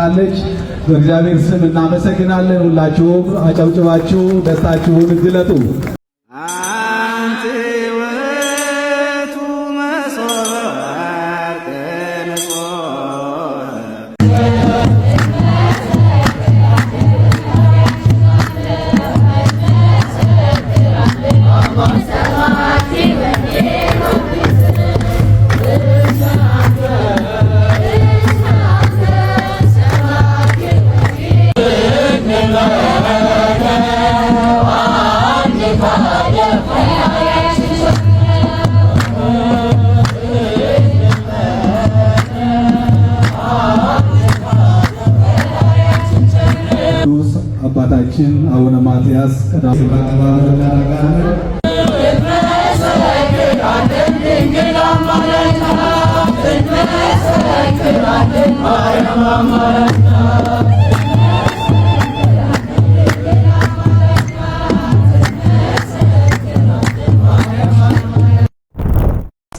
ሰጥታለች። በእግዚአብሔር ስም እናመሰግናለን። ሁላችሁም አጨብጭባችሁ ደስታችሁን ግለጡ።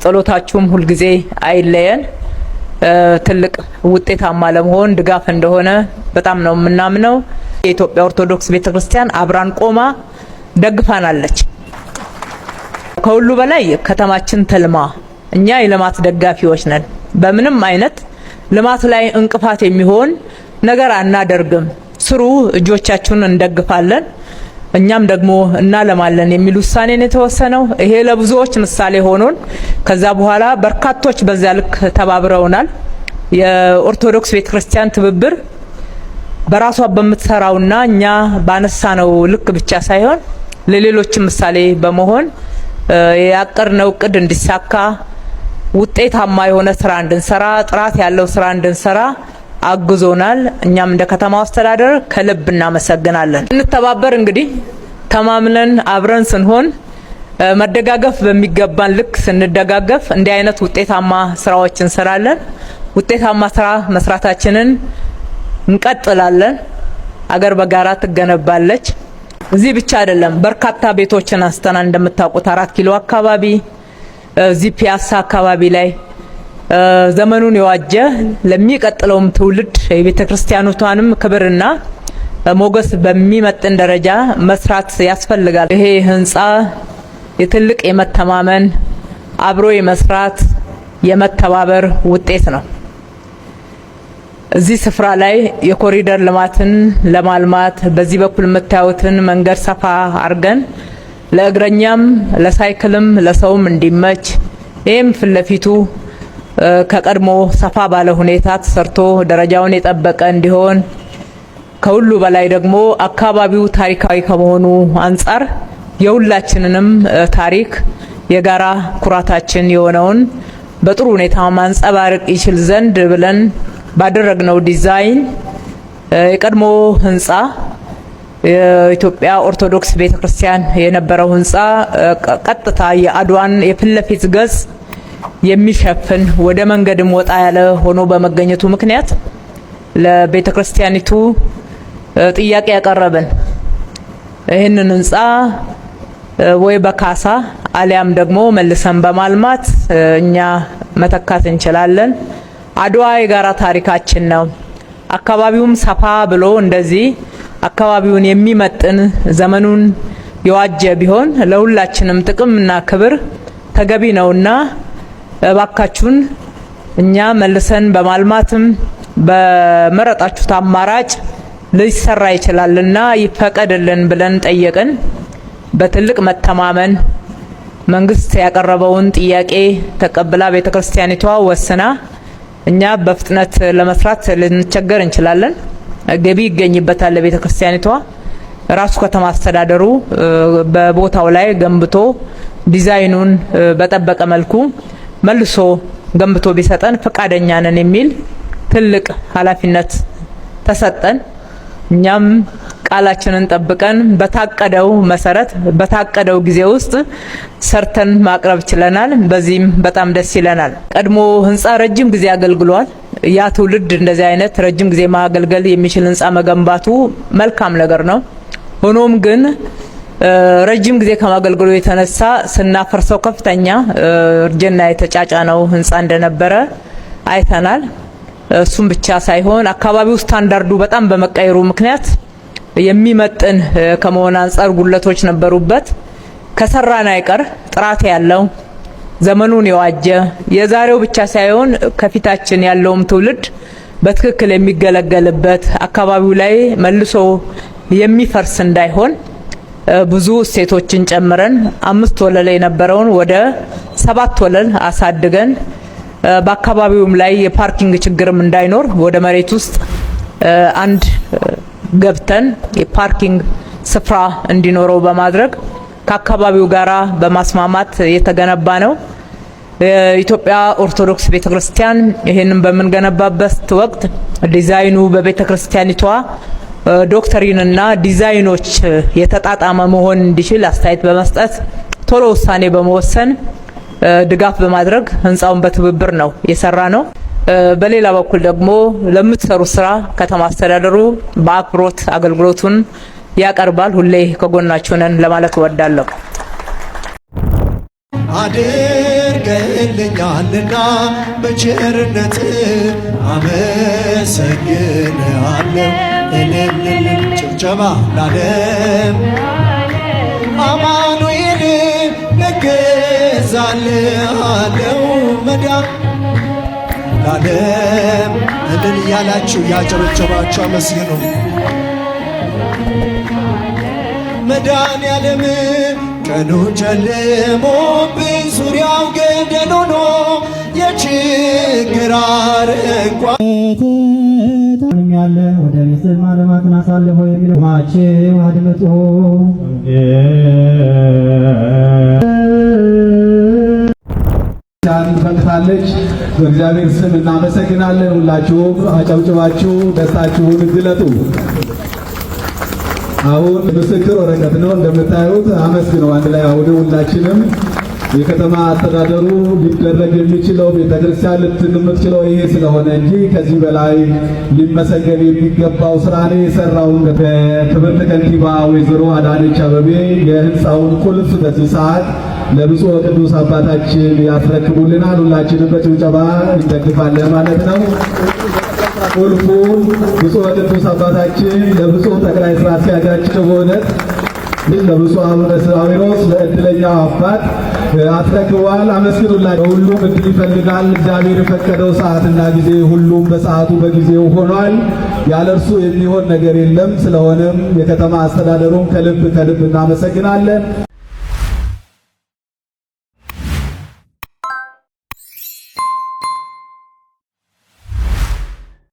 ጸሎታችሁም ሁልጊዜ አይለየን። ትልቅ ውጤታማ ለመሆን ድጋፍ እንደሆነ በጣም ነው የምናምነው። የኢትዮጵያ ኦርቶዶክስ ቤተ ክርስቲያን አብራን ቆማ ደግፋናለች። ከሁሉ በላይ ከተማችን ተልማ፣ እኛ የልማት ደጋፊዎች ነን። በምንም አይነት ልማት ላይ እንቅፋት የሚሆን ነገር አናደርግም። ስሩ፣ እጆቻችሁን እንደግፋለን፣ እኛም ደግሞ እናለማለን የሚል ውሳኔን የተወሰነው። ይሄ ለብዙዎች ምሳሌ ሆኖን ከዛ በኋላ በርካቶች በዚያ ልክ ተባብረውናል። የኦርቶዶክስ ቤተክርስቲያን ትብብር በራሷ በምትሰራውና እኛ ባነሳነው ልክ ብቻ ሳይሆን ለሌሎችም ምሳሌ በመሆን ያቀድነው እቅድ እንዲሳካ ውጤታማ የሆነ ስራ እንድንሰራ ጥራት ያለው ስራ እንድንሰራ አግዞናል። እኛም እንደ ከተማ አስተዳደር ከልብ እናመሰግናለን። እንተባበር እንግዲህ ተማምነን አብረን ስንሆን መደጋገፍ በሚገባን ልክ ስንደጋገፍ እንዲህ አይነት ውጤታማ ስራዎች እንሰራለን። ውጤታማ ስራ መስራታችንን እንቀጥላለን። አገር በጋራ ትገነባለች። እዚህ ብቻ አይደለም፣ በርካታ ቤቶችን አስተና እንደምታውቁት አራት ኪሎ አካባቢ እዚህ ፒያሳ አካባቢ ላይ ዘመኑን የዋጀ ለሚቀጥለውም ትውልድ የቤተ ክርስቲያኖቷንም ክብርና ሞገስ በሚመጥን ደረጃ መስራት ያስፈልጋል። ይሄ ህንፃ የትልቅ የመተማመን አብሮ የመስራት የመተባበር ውጤት ነው። እዚህ ስፍራ ላይ የኮሪደር ልማትን ለማልማት በዚህ በኩል የምታዩትን መንገድ ሰፋ አድርገን ለእግረኛም ለሳይክልም ለሰውም እንዲመች ይህም ፊት ለፊቱ ከቀድሞ ሰፋ ባለ ሁኔታ ተሰርቶ ደረጃውን የጠበቀ እንዲሆን ከሁሉ በላይ ደግሞ አካባቢው ታሪካዊ ከመሆኑ አንጻር የሁላችንንም ታሪክ የጋራ ኩራታችን የሆነውን በጥሩ ሁኔታ ማንጸባረቅ ይችል ዘንድ ብለን ባደረግነው ዲዛይን የቀድሞ ህንፃ የኢትዮጵያ ኦርቶዶክስ ቤተክርስቲያን የነበረው ህንፃ ቀጥታ የአድዋን የፊት ለፊት ገጽ የሚሸፍን ወደ መንገድም ወጣ ያለ ሆኖ በመገኘቱ ምክንያት ለቤተክርስቲያኒቱ ጥያቄ ያቀረብን ይህንን ህንፃ ወይ በካሳ አሊያም ደግሞ መልሰን በማልማት እኛ መተካት እንችላለን። አድዋ የጋራ ታሪካችን ነው። አካባቢውም ሰፋ ብሎ እንደዚህ አካባቢውን የሚመጥን ዘመኑን የዋጀ ቢሆን ለሁላችንም ጥቅምና ክብር ተገቢ ነውና እባካችሁን እኛ መልሰን በማልማትም በመረጣችሁት አማራጭ ሊሰራ ይችላልና ይፈቀድልን ብለን ጠየቅን። በትልቅ መተማመን መንግስት ያቀረበውን ጥያቄ ተቀብላ ቤተክርስቲያኒቷ ወስና እኛ በፍጥነት ለመስራት ልንቸገር እንችላለን። ገቢ ይገኝበታል ለቤተ ክርስቲያኒቷ። ራሱ ከተማ አስተዳደሩ በቦታው ላይ ገንብቶ ዲዛይኑን በጠበቀ መልኩ መልሶ ገንብቶ ቢሰጠን ፈቃደኛ ነን የሚል ትልቅ ኃላፊነት ተሰጠን። እኛም ቃላችንን ጠብቀን በታቀደው መሰረት በታቀደው ጊዜ ውስጥ ሰርተን ማቅረብ ችለናል። በዚህም በጣም ደስ ይለናል። ቀድሞ ህንፃ ረጅም ጊዜ አገልግሏል። ያ ትውልድ እንደዚህ አይነት ረጅም ጊዜ ማገልገል የሚችል ህንፃ መገንባቱ መልካም ነገር ነው። ሆኖም ግን ረጅም ጊዜ ከማገልገሉ የተነሳ ስናፈርሰው ከፍተኛ እርጅና ነው ህንፃ እንደነበረ አይተናል። እሱም ብቻ ሳይሆን አካባቢው ስታንዳርዱ በጣም በመቀየሩ ምክንያት የሚመጥን ከመሆን አንጻር ጉለቶች ነበሩበት። ከሰራን አይቀር ጥራት ያለው ዘመኑን የዋጀ የዛሬው ብቻ ሳይሆን ከፊታችን ያለውም ትውልድ በትክክል የሚገለገልበት አካባቢው ላይ መልሶ የሚፈርስ እንዳይሆን ብዙ እሴቶችን ጨምረን አምስት ወለል የነበረውን ወደ ሰባት ወለል አሳድገን በአካባቢውም ላይ የፓርኪንግ ችግርም እንዳይኖር ወደ መሬት ውስጥ አንድ ገብተን የፓርኪንግ ስፍራ እንዲኖረው በማድረግ ከአካባቢው ጋራ በማስማማት የተገነባ ነው። የኢትዮጵያ ኦርቶዶክስ ቤተክርስቲያን ይህንን በምንገነባበት ወቅት ዲዛይኑ በቤተክርስቲያኒቷ ዶክትሪንና ዲዛይኖች የተጣጣመ መሆን እንዲችል አስተያየት በመስጠት ቶሎ ውሳኔ በመወሰን ድጋፍ በማድረግ ህንፃውን በትብብር ነው የሰራ ነው። በሌላ በኩል ደግሞ ለምትሰሩ ስራ ከተማ አስተዳደሩ በአክብሮት አገልግሎቱን ያቀርባል። ሁሌ ከጎናችሁ ነን ለማለት እወዳለሁ። አድርገልኛልና በቸርነት አመሰግናለሁ። እልል ጭብጨባ ላለም አማኑኤል ነገዛለሁ መዳ ለዓለም እልል እያላችሁ እያጨበጨባችሁ አመስግኑ። መዳን ያለም ቀኑ ጨልሞብኝ ዙሪያው ገደል ሆኖ የችግር አረንቋ ያለ ወደ ቤት ማለማትን አሳልፎ የሚለማችው አድምጡ ዳን ትፈቅታለች በእግዚአብሔር ስም እናመሰግናለን። ሁላችሁም አጨብጭባችሁ ደስታችሁን ግለጡ። አሁን ምስክር ወረቀት ነው እንደምታዩት። አመስግነው አንድ ላይ አሁን ሁላችንም የከተማ አስተዳደሩ ሊደረግ የሚችለው ቤተክርስቲያን ልትል የምትችለው ይሄ ስለሆነ እንጂ ከዚህ በላይ ሊመሰገን የሚገባው ስራ ነው የሰራውን። ክብርት ከንቲባ ወይዘሮ አዳነች አበቤ የህንፃውን ቁልፍ በዚህ ሰዓት ለብፁዕ ቅዱስ አባታችን ያስረክቡልናል። ሁላችንም በጭብጨባ እንደግፋለን ማለት ነው። ቁልፉ ብፁዕ ወቅዱስ አባታችን ለብፁዕ ጠቅላይ ስራ አስኪያጃችን በእውነት ግን ለብፁዕ አቡነ ሳዊሮስ ለእድለኛው አባት አትረክበዋል። አመስግኑላቸው። ሁሉም እድል ይፈልጋል። እግዚአብሔር የፈቀደው ሰዓትና ጊዜ ሁሉም በሰዓቱ በጊዜው ሆኗል። ያለ እርሱ የሚሆን ነገር የለም። ስለሆነም የከተማ አስተዳደሩም ከልብ ከልብ እናመሰግናለን።